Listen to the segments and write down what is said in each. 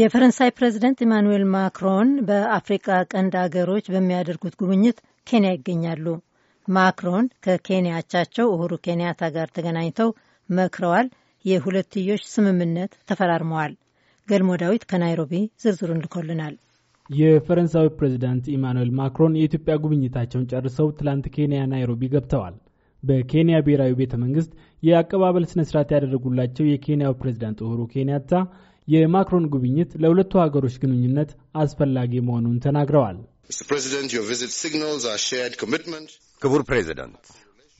የፈረንሳይ ፕሬዚደንት ኢማኑዌል ማክሮን በአፍሪቃ ቀንድ አገሮች በሚያደርጉት ጉብኝት ኬንያ ይገኛሉ። ማክሮን ከኬንያ አቻቸው ኡሁሩ ኬንያታ ጋር ተገናኝተው መክረዋል። የሁለትዮሽ ስምምነት ተፈራርመዋል። ገልሞ ዳዊት ከናይሮቢ ዝርዝሩን ልኮልናል። የፈረንሳዊ ፕሬዚዳንት ኢማኑኤል ማክሮን የኢትዮጵያ ጉብኝታቸውን ጨርሰው ትላንት ኬንያ ናይሮቢ ገብተዋል። በኬንያ ብሔራዊ ቤተ መንግስት የአቀባበል ስነ ስርዓት ያደረጉላቸው የኬንያው ፕሬዚዳንት ኡሁሩ ኬንያታ የማክሮን ጉብኝት ለሁለቱ ሀገሮች ግንኙነት አስፈላጊ መሆኑን ተናግረዋል። ክቡር ፕሬዚደንት፣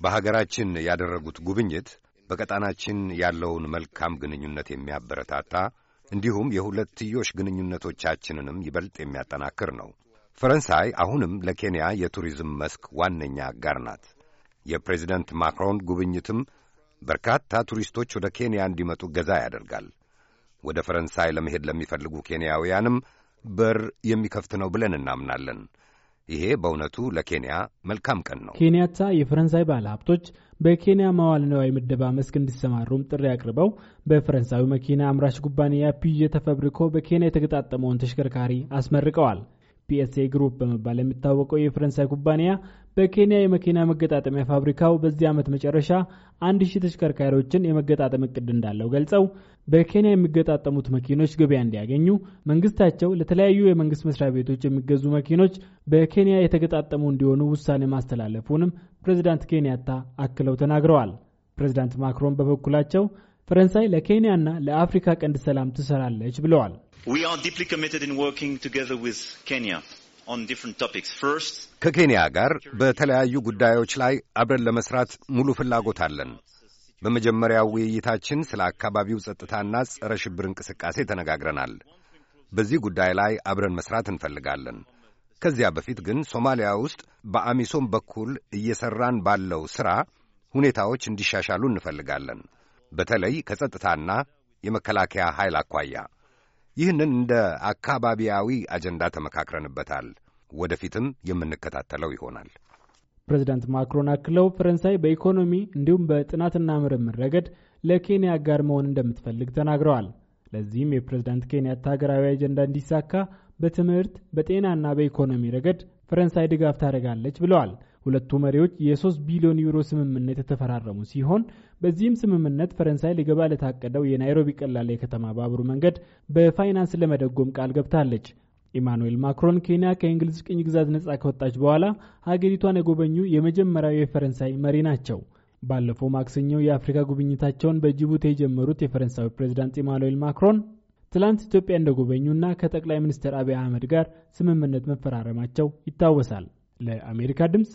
በሀገራችን ያደረጉት ጉብኝት በቀጣናችን ያለውን መልካም ግንኙነት የሚያበረታታ እንዲሁም የሁለትዮሽ ግንኙነቶቻችንንም ይበልጥ የሚያጠናክር ነው። ፈረንሳይ አሁንም ለኬንያ የቱሪዝም መስክ ዋነኛ አጋር ናት። የፕሬዚደንት ማክሮን ጉብኝትም በርካታ ቱሪስቶች ወደ ኬንያ እንዲመጡ ገዛ ያደርጋል። ወደ ፈረንሳይ ለመሄድ ለሚፈልጉ ኬንያውያንም በር የሚከፍት ነው ብለን እናምናለን። ይሄ በእውነቱ ለኬንያ መልካም ቀን ነው። ኬንያታ የፈረንሳይ ባለ ሀብቶች በኬንያ መዋለ ንዋይ ምደባ መስክ እንዲሰማሩም ጥሪ አቅርበው በፈረንሳዊ መኪና አምራች ኩባንያ ፒዤ ተፈብሪኮ በኬንያ የተገጣጠመውን ተሽከርካሪ አስመርቀዋል። ፒኤስኤ ግሩፕ በመባል የሚታወቀው የፈረንሳይ ኩባንያ በኬንያ የመኪና መገጣጠሚያ ፋብሪካው በዚህ ዓመት መጨረሻ አንድ ሺህ ተሽከርካሪዎችን የመገጣጠም እቅድ እንዳለው ገልጸው በኬንያ የሚገጣጠሙት መኪኖች ገበያ እንዲያገኙ መንግስታቸው ለተለያዩ የመንግስት መስሪያ ቤቶች የሚገዙ መኪኖች በኬንያ የተገጣጠሙ እንዲሆኑ ውሳኔ ማስተላለፉንም ፕሬዚዳንት ኬንያታ አክለው ተናግረዋል። ፕሬዚዳንት ማክሮን በበኩላቸው ፈረንሳይ ለኬንያና ለአፍሪካ ቀንድ ሰላም ትሰራለች ብለዋል። ከኬንያ ጋር በተለያዩ ጉዳዮች ላይ አብረን ለመስራት ሙሉ ፍላጎት አለን። በመጀመሪያው ውይይታችን ስለ አካባቢው ጸጥታና ጸረ ሽብር እንቅስቃሴ ተነጋግረናል። በዚህ ጉዳይ ላይ አብረን መስራት እንፈልጋለን። ከዚያ በፊት ግን ሶማሊያ ውስጥ በአሚሶም በኩል እየሠራን ባለው ሥራ ሁኔታዎች እንዲሻሻሉ እንፈልጋለን። በተለይ ከጸጥታና የመከላከያ ኃይል አኳያ ይህንን እንደ አካባቢያዊ አጀንዳ ተመካክረንበታል። ወደፊትም የምንከታተለው ይሆናል። ፕሬዚዳንት ማክሮን አክለው ፈረንሳይ በኢኮኖሚ እንዲሁም በጥናትና ምርምር ረገድ ለኬንያ ጋር መሆን እንደምትፈልግ ተናግረዋል። ለዚህም የፕሬዚዳንት ኬንያታ ሀገራዊ አጀንዳ እንዲሳካ በትምህርት በጤናና በኢኮኖሚ ረገድ ፈረንሳይ ድጋፍ ታደርጋለች ብለዋል። ሁለቱ መሪዎች የ3 ቢሊዮን ዩሮ ስምምነት የተፈራረሙ ሲሆን በዚህም ስምምነት ፈረንሳይ ሊገባ ለታቀደው የናይሮቢ ቀላል የከተማ ባቡር መንገድ በፋይናንስ ለመደጎም ቃል ገብታለች። ኢማኑኤል ማክሮን ኬንያ ከእንግሊዝ ቅኝ ግዛት ነጻ ከወጣች በኋላ ሀገሪቷን የጎበኙ የመጀመሪያው የፈረንሳይ መሪ ናቸው። ባለፈው ማክሰኞ የአፍሪካ ጉብኝታቸውን በጅቡቲ የጀመሩት የፈረንሳዊ ፕሬዚዳንት ኢማኑኤል ማክሮን ትላንት ኢትዮጵያ እንደጎበኙና ከጠቅላይ ሚኒስትር አብይ አህመድ ጋር ስምምነት መፈራረማቸው ይታወሳል። ለአሜሪካ ድምፅ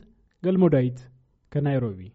ገልሞ ዳዊት ከናይሮቢ